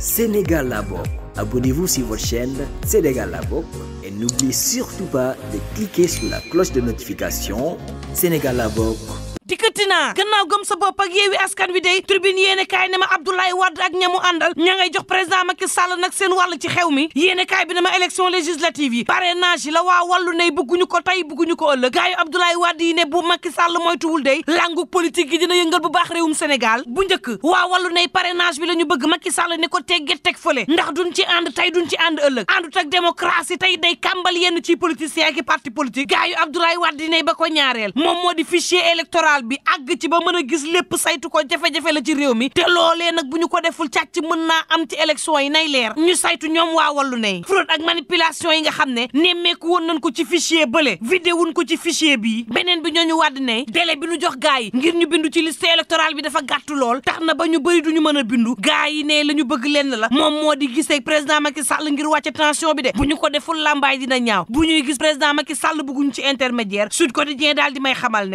Sénégal abonnez-vous sur votre chaîne Sénégal la et n'oubliez surtout pas de cliquer sur la cloche de notification Sénégal la dikkati naa gannaaw gëm sa bopp ak yeewi askan wi day tribune yéene kaay ne ma Abdoulaye Wade ak ñamu àndal ña ngay jox président Macky Sall nag seen wàll ci xew mi yéene kaay bi ne ma élection législative yi parrainage yi la waa wàllu ne bëgguñu ko tey bëgguñu ko ëllëg gaayu Abdoulaye Wade yi ne bu Macky Sall moytuwul day langu politique gi dina yëngal bu baax réewum Sénégal bu njëkk waa wàllu ne parrainage bi la ñu bëgg Macky Sall ne ko tegge teg fële ndax duñ ci ànd tey duñ ci ànd ëllëg àndut ak démocratie tey day ñaareel moom moo di fichier électoral central bi àgg ci ba mën a gis lépp saytu ko jafe-jafe la ci réew mi te loolee nag bu ñu ko deful càcc mën naa am ci élection yi nay leer ñu saytu ñoom waa wallu ne fraude ak manipulation yi nga xam ne nemmeeku woon nañ ko ci fichier bële vidéo wuñ ko ci fichier bii beneen bi ñooñu wàdd ne délai bi ñu jox gaa yi ngir ñu bindu ci liste électorale bi dafa gàttu lool tax na ba ñu bëri duñu mën a bindu gaa yi ne la bëgg lenn la moom moo di gisee président Macky Sall ngir wàcce tension bi de bu ñu ko deful làmbaay dina ñaaw bu ñuy gis président Macky ci intermédiaire Sud di may xamal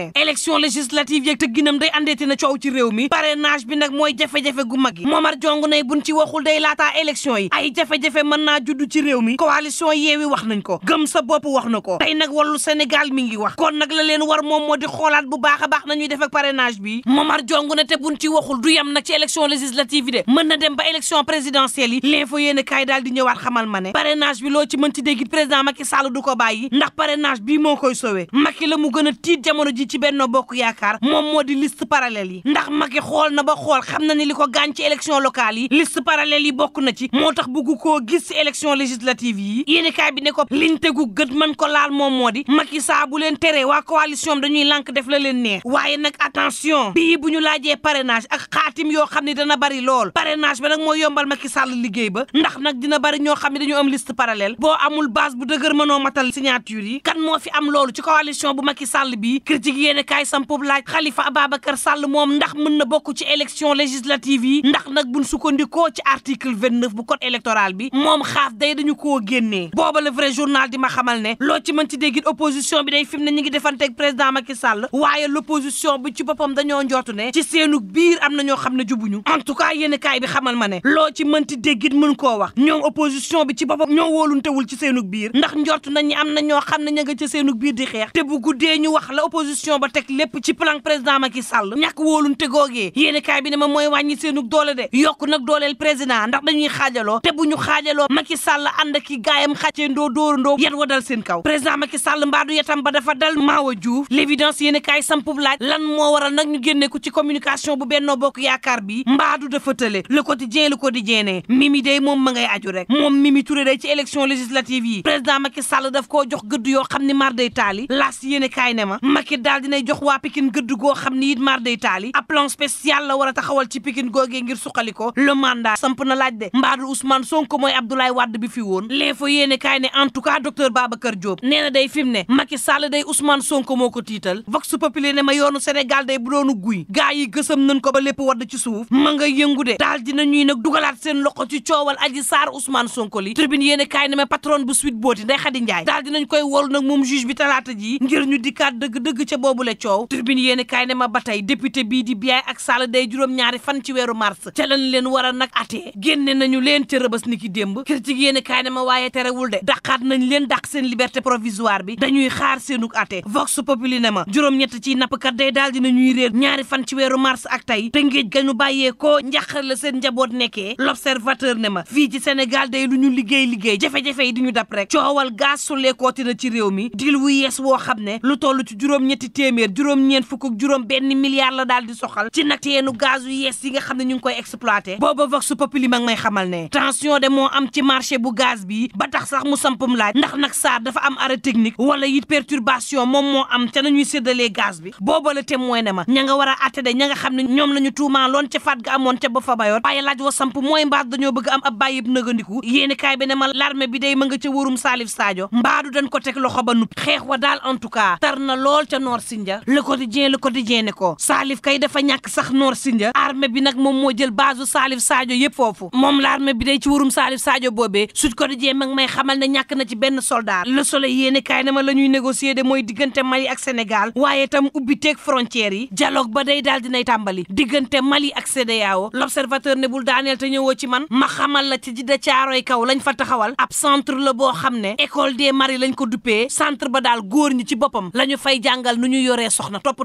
législative yeeg te ginam day andeeti na coow ci réew mi parrainage bi nag mooy jafe-jafe gu mag yi Momar Jong nay buñ ci waxul day laataa élection yi ay jafe-jafe mën naa judd ci réew mi coalition yeewi wax nañ ko gëm sa bopp wax na ko tey nag wallu Sénégal mi ngi wax kon nag la leen war moom moo di xoolaat bu baax a baax nañuy defe ak bi bi Momar Jong ne te buñ ci waxul du yem nag ci élection législative yi de mën na dem ba élection présidentielle yi l'info yéen kaay daal di ñëwaat xamal ma ne parrainage bi loo ci mën ci dégg président Macky Sall du ko bàyyi ndax parrainage bi moo koy sowe Macky la mu gën a tiit jamono ji ci Benno Bokk Yaakaar yaakaar moom moo di list parallèle yi ndax Macky xool na ba xool xam na ni li ko gaañ ci élection locale yi liste parallèle yi bokk na ci moo tax bugg koo gis ci élection législative yi yéenekaay bi ne ko liñ tegu gët man ko laal moom moo di Macky saa bu leen tere waa coalition dañuy lank def la leen neex waaye nag attention bii bu ñu laajee parrainage ak xaatim yoo xam ne dana bari lool parrainage ba nag moo yombal Macky Sall liggéey ba ndax nag dina bari ñoo xam ne dañoo am liste parallèle boo amul base bu dëgër mënoo matal signature yi kan moo fi am loolu ci coalition bu Macky Sall bii critique yéenekaay sam Khalifa Ababakar Sall Mom ndax mën na bokku ci élection législative yi ndax nag buñ sukkandikoo ci article 29 bu code électoral bi mom xaf day dañu ko génnee boba le vrai journal di ma xamal né lo ci mën ci déggit opposition bi day fi ñi ngi défanté ak président Macky Sall waye l'opposition bi ci bopam dañoo njortu né ci seenu biir amna ño xamné xam jubuñu en tout cas yene kay bi xamal ma ne loo ci mënti déggit mën ko wax ñom opposition bi ci boppam ñoo wóoluntewul ci seenu biir ndax njortu nañ ni amna ño xamné ci di xex te bu guddé ñu wax la opposition ba tek lépp plan président Macky Sall ñàkk wóolunte googee yéene kaay bi ne ma mooy wàññi seenu doole de yokk nag dooleel président ndax dañuy xaajaloo te bu ñu xaajaloo Macky Sall ànd ki gaayam xàcceendoo dóorandoo yat wa dal seen kaw président Macky Sall mbaadu yatam ba dafa dal maawa Diouf l'évidence yéene kaay sampub laaj lan moo waral nag ñu génne ko ci communication bu bennoo bokk yaakaar bi mbaadu dafa tële le quotidien le quotidien ne mimi day moom ma ngay aju rek moom mimi koo jox gëdd yoo xam ne ma Macky daal Pikine gëdd goo xam ni it mar day taali ab plan la war a taxawal ci Pikine googee ngir suqali ko le mandat samp na laaj de mbaadu Ousmane Sonko mooy Abdoulaye bi fi woon l'info yéene kaay en tout cas docteur Babacar Diop nee na day fi ne Macky Sall day Ousmane Sonko ko tiital vox populi ne ma yoonu Sénégal day bu doonu guy gaa yi gësam nañ ko ba lépp wadd ci suuf ma nga yëngu de daal dina nag dugalaat seen loxo ci coowal Adji Sarr Ousmane Sonko tribune yéen kaay ne ma ba tey député bii di ak Sall day ñaari fan ci weeru mars ca lañ leen war a nag atee génne nañu leen ca rëbës ni ki démb critique yéen kaay ne ma waaye terewul de daqaat nañ leen dàq seen liberté bi dañuy xaar seenuk atee vox populi ne ma juróom-ñett ci nappkat day daal dinañuy réer ñaari fan ci weeru mars ak tey te ngéej gañu bàyyee koo njàqar la seen njaboot nekkee l'observateur ne ma fii ci Sénégal day lu ñu liggéey liggéey jafe-jafe yi di ñu dab rek coowal gaz su lekkooti na ci réew mi dil wu yees woo xam ne lu toll ci juróom-ñetti téeméer juróom-ñeent ñeent fukk ak juróom benn milliard la daal di soxal ci nag teenu gaz yu yees yi nga xam ne ñu ngi koy exploité booba vox populi ma ngi may xamal ne tension de moo am ci marché bu gaz bi ba tax sax mu sampum laaj ndax nag saar dafa am arrêt technique wala it perturbation moom moo am te nañuy séddalee gaz bi booba la témoin ne ma ña nga war a atte de ña nga xam ne ñoom la ñu tuumaa loon ca faat ga amoon ca ba fa bayoon waaye laaj wa samp mooy mbaat dañoo bëgg am ab bàyyib nëgandiku yéeni kaay bi ne ma l'armée bi day ma nga ca wóorum Salif xeex wa daal en tout cas tar na lool ca Nord quotidien le quotidien ne ko Salif kay dafa ñàkk sax noor sinja armée bi nag moom moo jël base Salif Sadio yëpp foofu moom la armée bi ci wurum Salif Sadio boobee Sud Quotidien mag may xamal ne ñàkk na ci benn soldat Le Soleil yéene kaay ma la ñuy négocier de mooy diggante Mali ak Sénégal waaye tam ubbi teeg yi dialogue ba day daal dinay tàmbali diggante Mali ak CEDEAO L'Observateur ne bul daaneel te ñëwoo ci man ma xamal la ci ji jidda caaroy kaw lañ fa taxawal ab centre la boo xam ne école des mari lañ ko duppee centre ba daal góor ñi ci boppam la ñu fay jàngal nu ñu yoree soxna topp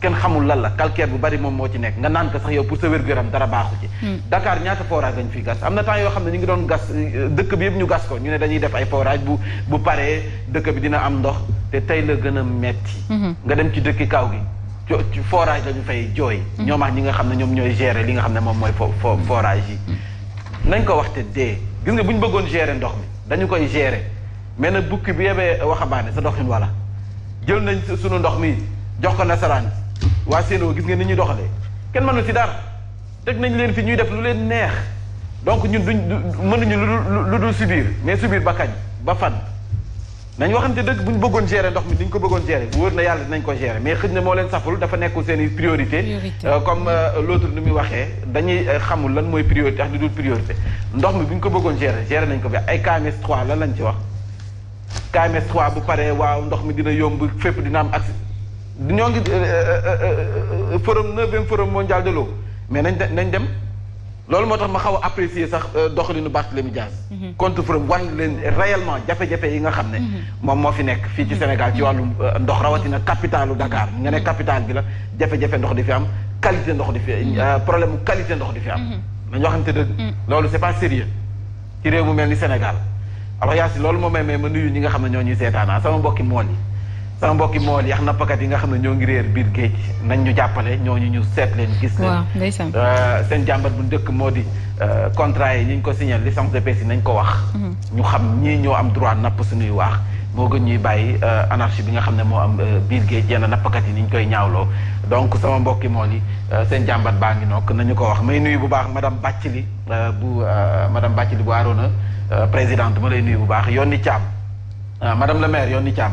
kenn xamul lan la calcaire bu bari moom moo ci nekk nga naan ko sax yow pour sa wér-gu-yaram dara baaxu ci hmm. Dakar ñaata forage lañ fi gas am na temps yoo xam ne ñu ngi doon gas dëkk bi yëpp ñu gas ko ñu ne dañuy def ay forage bu bu paree dëkk bi dina am ndox te tey la gën a metti hmm. nga dem ci dëkki kaw gi ci forage lañu fay jooy hmm. ñoom ak xam ne ñoom ñooy gérer li nga xam ne moom mooy forage yi nañ ko waxte dee gis nga bu ñu bëggoon gérer ndox mi dañu koy gérer mais nag bukki bi yebee waxambaane sa doxin wala jël nañ sunu ndox mi jox ko nasaraan waa Sénégal gis ngeen ni ñuy doxalee kenn mënu si dara teg nañ leen fi ñuy def lu leen neex donc ñun duñ mënuñu lu lu dul sibiir mais subir ba kañ ba fan. nañ waxante dëgg bu ñu bëggoon gérer ndox mi ni ko bëggoon gérer wóor na yàlla dinañ ko gérer mais xëj na moo leen saful dafa nekkul seen i euh, comme euh, l'autre ni muy waxee dañuy euh, xamul lan mooy priorité ak lu dul priorité ndox mi bu ñu ko bëggoon gérer gérer nañ ko bi ay KMS 3 lan lañ ci wax KMS 3 bu paree waaw ndox mi dina yomb fépp dina am accès ñoo ngi euh, euh, euh, forum neuvième forum mondial de l'eau mais nañ nañ dem loolu moo tax ma xaw a sax doxalinu Barthélémy Dias mhm. contre forum wan leen réellement jafe-jafe yi nga xam ne mhm. moom moo fi nekk fii ci mhm. Sénégal ci wàllu ndox rawatina capitalu Dakar nga ne capital bi la jafe-jafe ndox di fi am qualité ndox di fi problème mu qualité ndox di fi am nañu waxante dëgg loolu c'est pas sérieux ci réew mu mel ni Sénégal alors yaa si loolu moo may may ma nuyu ñi nga xam ne ñoo ñuy seetaanaa ah, sama mbokki mool yi sama mbokki mool yax nappkat yi nga xam ne ñoo ngi réer biir géej nañ ñu jàppale ñooñu ñu seet leen gis leen euh, seen jàmbat bu njëkk moo di euh, contrat yi ñu ko signé licence de pêche nañ ko wax mhm. ñu xam ñii ñoo am droit napp suñuy waax moo gën ñuy bàyyi euh, anarchie bi nga xam ne moo am biir géej yenn nappkat yi ni ñu koy ñaawloo donc sama mbokki mool yi seen jàmbat baa ngi nokk nañu ko wax may nuyu bu baax madame Bathily bu madame Bathily bu Arona présidente ma lay nuyu bu baax yoon ni Thiam madame le maire yoon ni Thiam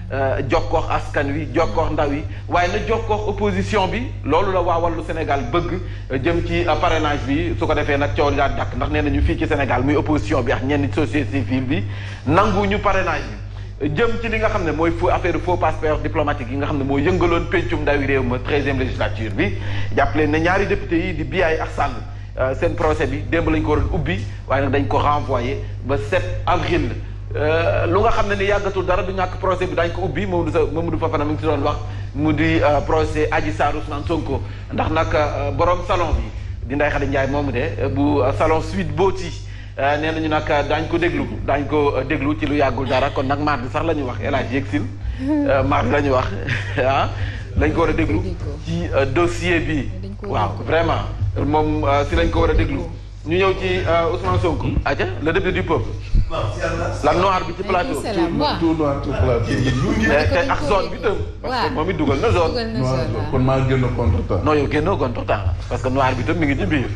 Euh, jokkoox askan wi jokkoox ndaw yi waaye na jokkoox opposition bi loolu la waa wàllu Sénégal bëgg euh, jëm ci euh, parrainage bi su ko defee nag coow ngaa dakk ndax nee nañu fii ci Sénégal muy opposition bi ak ñenn société civile bi nangu ñu parrainage bi jëm ci li nga xam ne mooy faux affaire faux passeport diplomatique yi nga xam ne moo yëngaloon pencum ndawi réew ma treizième législature bi jàpp leen ne ñaari député yi di Biaye ak Sall seen procès bi démb lañ ko waroon ubbi waaye nag dañ ko renvoyé ba 7 avril Euh, lu nga xam ne ni yàggatul dara du ñàkk projet bi daañu ko ubbi Mamadou sa Mamadou Fofana mu ngi ci doon wax mu di euh, procès Adji Sarr Ousmane Sonko ndax nag euh, borom salon bi di Ndeye Khady moom mu de bu salon Sweet Beauty nee ñu nag daañ ko déglu daañ ko déglu ci lu yàggul dara kon nag bi sax la ñu wax El Hadj Yegsil mardi la ñu wax ah lañ ko war a déglu ci dossier bi waaw vraiment moom si lañ ko war a déglu ñu ñëw ci euh, Ousmane Sonko. Hmm? aja le député du peuple. la noir bi ci plateau. tout noir tout plateau. te ak zone bi tam. parce que moom it dugal na zone. kon maa génn contre temps. non yow génnoo contre temps parce que noir bi tam mi ngi ci biir.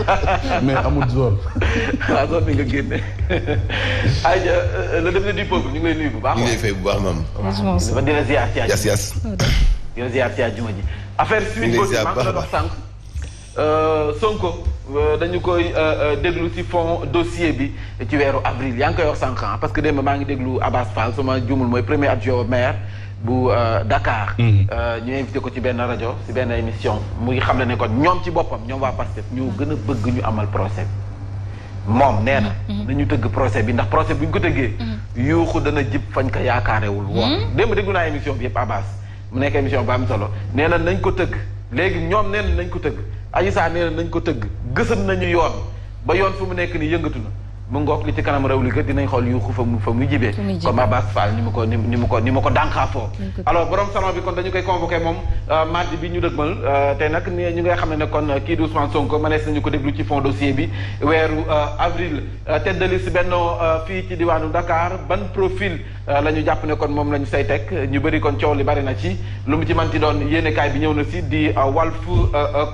mais amul zone. waaw zone bi nga génne. aja euh, le député du peuple ñu ngi lay nuyu bu baax. ñu ngi lay fay bu baax maam. Ousmane Sonko dina ziar ci yas yas. Oh, dina ziar ci àjjuma ji. affaire suite boobu maa ngi doon wax sànq euh, Sonko. Euh, dañu koy euh, euh, déglu ci fond dossier bi ci weeru avril yaa ngi koy wax sànq ah, parce que démb maa ngi déglu Abbas Fall suma juumul mooy premier adjoint au maire bu Dakar. Mhm. ñu invité ko ci benn rajo ci benn émission mu ngi xam ne kon ñoom ci boppam ñoom waa Pastef ñoo gën a bëgg ñu amal procès moom nee na. Mhm. nañu tëgg procès bi ndax procès bu ñu ko tëggee. Mhm. yuuxu dana jib fañ ko yaakaarewul woon. démb déglu naa émission bi yëpp Abbas mu nekk émission bu am solo nee na nañ ko tëgg. léegi ñoom nee nañ ko tëgg Adji Sarr nee nañ ko tëgg gësëm nañu yoon ba yoon fu mu nekk nii yëngatu na mu ngoog li ci kanam raw li dinañ xool yu fa mu fa mu jibee comme Abass Fall ni mu ko ni ko ni mu ko dànkaafoo alors borom salon bi kon dañu koy convoqué moom euh, mardi bi ñu dëgmal euh, te nag ñu ngay xam ne kon kii di Ousmane Sonko mënees nañu ko déglu ci fond dossier bi weeru euh, avril tête de liste Benno fii ci diwaanu Dakar ban profil la ñu jàpp ne kon moom la ñu say teg ñu bëri kon coow li bari na ci lu mu ci manti doon yéenekaay bi ñëw na si di Walf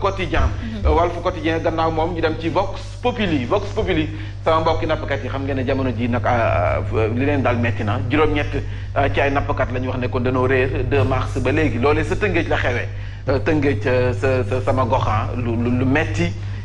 Quotidien walfu Quotidien gannaaw moom ñu dem ci Vox Populi Vox Populi sama mbokki nappkat yi xam ngeen ne jamono ji nag ah, ah, li leen dal metti na juróom-ñett ah, ci ay nappkat la ñu wax ne kon danoo réer 2 mars ba léegi loolee sa Tëngéej la xewee Tëngéej sa sama gox lu lu metti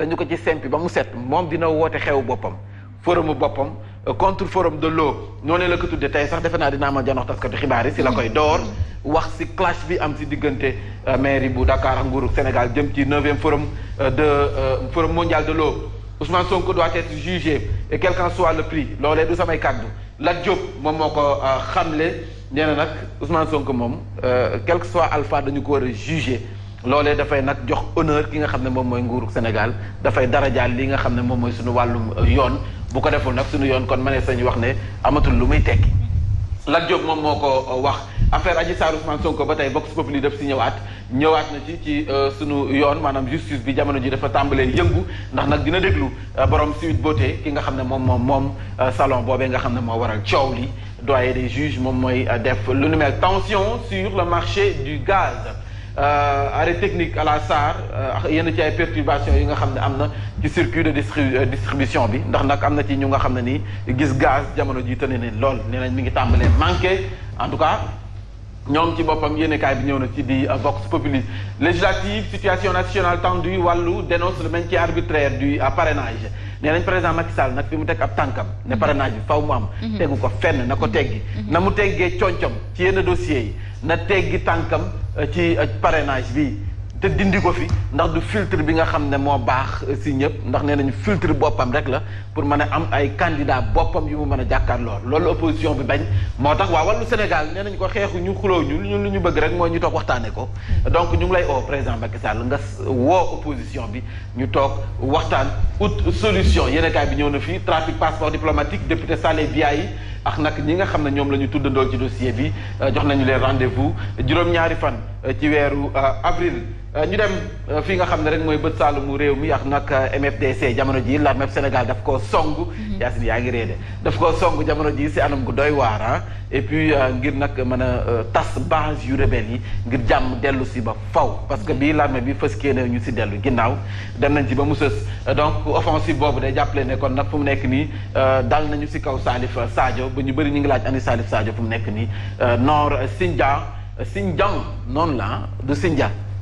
dañu ko ci sempi ba mu set dina xew forum contre forum de l'eau noonu la ko tuddee tey sax ça naa ma si la koy door wax si clash bi am euh, bu Dakar Sénégal jëm ci forum euh, de euh, forum mondial de l'eau Ousmane Sonko doit être jugé et quel qu'en soit le prix loolee du samay kàddu la Diop moom moo ko quel que soit alpha de ko lolé da fay nak jox honneur ki nga xam ne moom mooy nguuru Sénégal dafay darajaal li nga xamné mom moy suñu walum euh, yoon bu ko deful nak suñu yoon kon mané ne wax né amatul lu muy tekki Lat Diop moom moo euh, wax affaire Adji Sarr Ousmane Sonko batay tey Vox Populi def ci ñëwaat ñëwaat na ci ci euh, suñu yoon manam justice bi jamono ji dafa tambalé yëngu ndax nak dina déglu borom Sweet Beauté ki nga xamné mom mom moom salon bobé nga xamné mo waral coow li doyen des juges mom moy def lu nu mel tension sur le marché du gaz euh, arrêt technique à la SAR ak euh, yenn ci ay perturbations yi nga xam ne am na ci circuit de euh, distribution bi ndax nag am na ci ñu nga xam ne nii gis gaz jamono ji tëne ne lool nee mi ngi tàmbalee manqué en tout cas ñoom ci boppam yéenekaay bi ñëw na ci di euh, vox populi législative situation nationale tendue wàllu dénonce le maintien arbitraire du euh, parrainage nee nañ président Macky Sall nag fi mu teg ab tànkam ne mhm. parrainage bi faw mu am mhm. tegu ko fenn na ko mhm. teggi na mu teggee concom ci yenn dossiers yi na teggi tànkam euh, ci parrainage bi te dindi ko fi ndax du filtre bi nga xam ne moo baax si ñëpp ndax nee nañu filtre boppam rek la pour mën a am ay candidat boppam yu mu mën a lool loolu opposition bi bañ moo tax waa wàllu Sénégal nee nañ ko xeexu ñu xuloo ñu ñu lu ñu bëgg rek mooy ñu toog waxtaane ko donc ñu ngi lay oo président Macky Sall nga woo opposition bi ñu toog waxtaan out solution yéen kaay bi ñëw na fii trafic passeport diplomatique député Salé Biaye ak nag ñi nga xam ne ñoom la ñu tuddandoo ci dossier bi euh, jox nañu leen rendez-vous juróom-ñaari fan euh, ci weeru euh, avril Euh, ñu dem euh, fii nga xam ne rek mooy bët saalumu réew mi ak nag euh, MFDC jamono ji l'armée Sénégal daf koo song mhm. Yacine yaa ngi de daf koo song jamono ji si anam bu doy waar ah et puis ngir nag mën a tas base yu rebelles yi ngir jàmm dellu si ba faw parce que bii l'armée bi fës kéene ñu si dellu ginnaaw dem nañ si ba mu sës donc offensive boobu day jàppale ne kon nag fu mu nekk nii dal nañu si kaw saalif Sadio bu ñu bëri ñu ngi laaj ani Salif Sadio fu mu nekk nii nord Sindia Sindian noonu la ah, du Sindia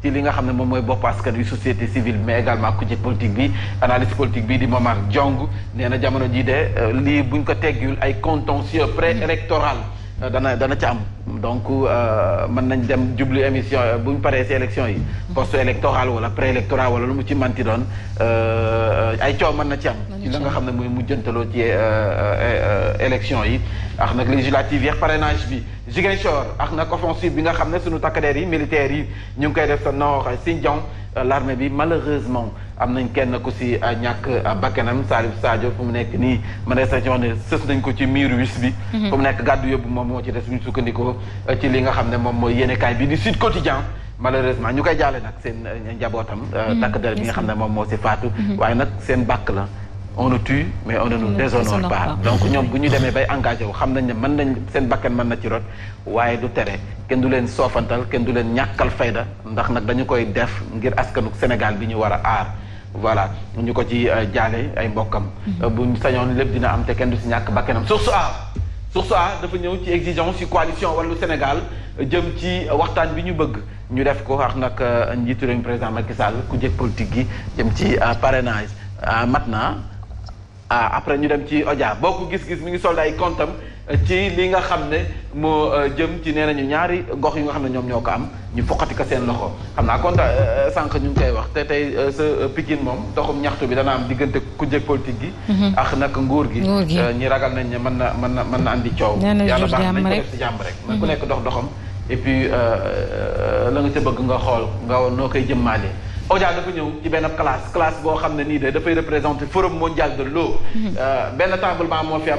ci li nga xam ne moom mooy bopp askan wi société civile mais également ku ci politique bi analyse politique bi di Momar Diong nee na jamono jii de euh, lii buñ ko teggul ay contentieux pré-électoral euh, dana dana ci am. donc euh, man nañ dem jublu émission euh, buñ paré paree élection yi poste électoral wala pré électoral wala lu mu ci manti euh, euh ay ciow man na ci am ci la nga xam ne mooy mu jëntaloo ci élection yi ak nak législative yeex parrainage bi Ziguinchor ak nak offensive bi nga xam suñu takkadeer yi militaire yi ñu ngi koy def sa nord Sindian l'armée bi malheureusement am nañ kenn ku ci ñak bakkanam Salif Sadio fu mu nekk ni ma ne sax ne sës nañ ko ci miiru wis bi mhm. fu mu nekk gaddu yóbbu mom mo ci dess bu ñu sukkandikoo ci li nga xam ne moom mooy yéenekaay bi di Sud Quotidien malheureusement ñu koy jaale nag seen euh, njabootam. Euh, mm-hmm. takk der bi nga xam ne moom moo si faatu. Mm-hmm. waaye nag seen bàkk la. on nous tue mais on ne nous déshonore pas donc ñoom bu ñu demee bay engagé wu xam nañ ne mën nañ seen bakkan mën na ci rot waaye du tere kenn du leen soofantal kenn du leen ñàkkal fayda ndax nag dañu koy def ngir askanu Sénégal bi ñu war a aar voilà ñu ko ci euh, jaale ay mbokkam. Mm-hmm. buñ sañoon lépp dina am te kenn du si ñàkk bakkanam suuf su aar. Source A dafa ñëw ci exigence ci coalition Wallu Sénégal jëm ci waxtaan bi ñu bëgg ñu def ko wax nag euh, njiitu réew mi président Macky ku jëkk politique gi jëm ci euh, parrainage euh, maintenant après ñu dem ci Odia boo ko gis-gis mi ngi soldé ay comptam ci li nga xam ne moo euh, jëm ci nee nañu ñaari gox yi nga xam ne ñoom ñoo ko am ñu foqati ko seen loxo xam naa konta euh, euh, sànq ñu ngi koy wax te tey sa Pikine moom doxum ñaxtu bi dana am diggante kujje politique gi. Mhm. ak nag nguur gi. ñi ragal nañ ne mën na mën na mën na andi coow. yàlla baax nañ ko def si jàmm mhm. ku nekk dox doxam et puis la nga ca bëgg nga xool nga noo koy jëmmaalee. Oja dafa ñëw ci benn classe classe boo xam ne nii de dafay représenter forum mondial de l'eau. Mhm. benn table moo fi am.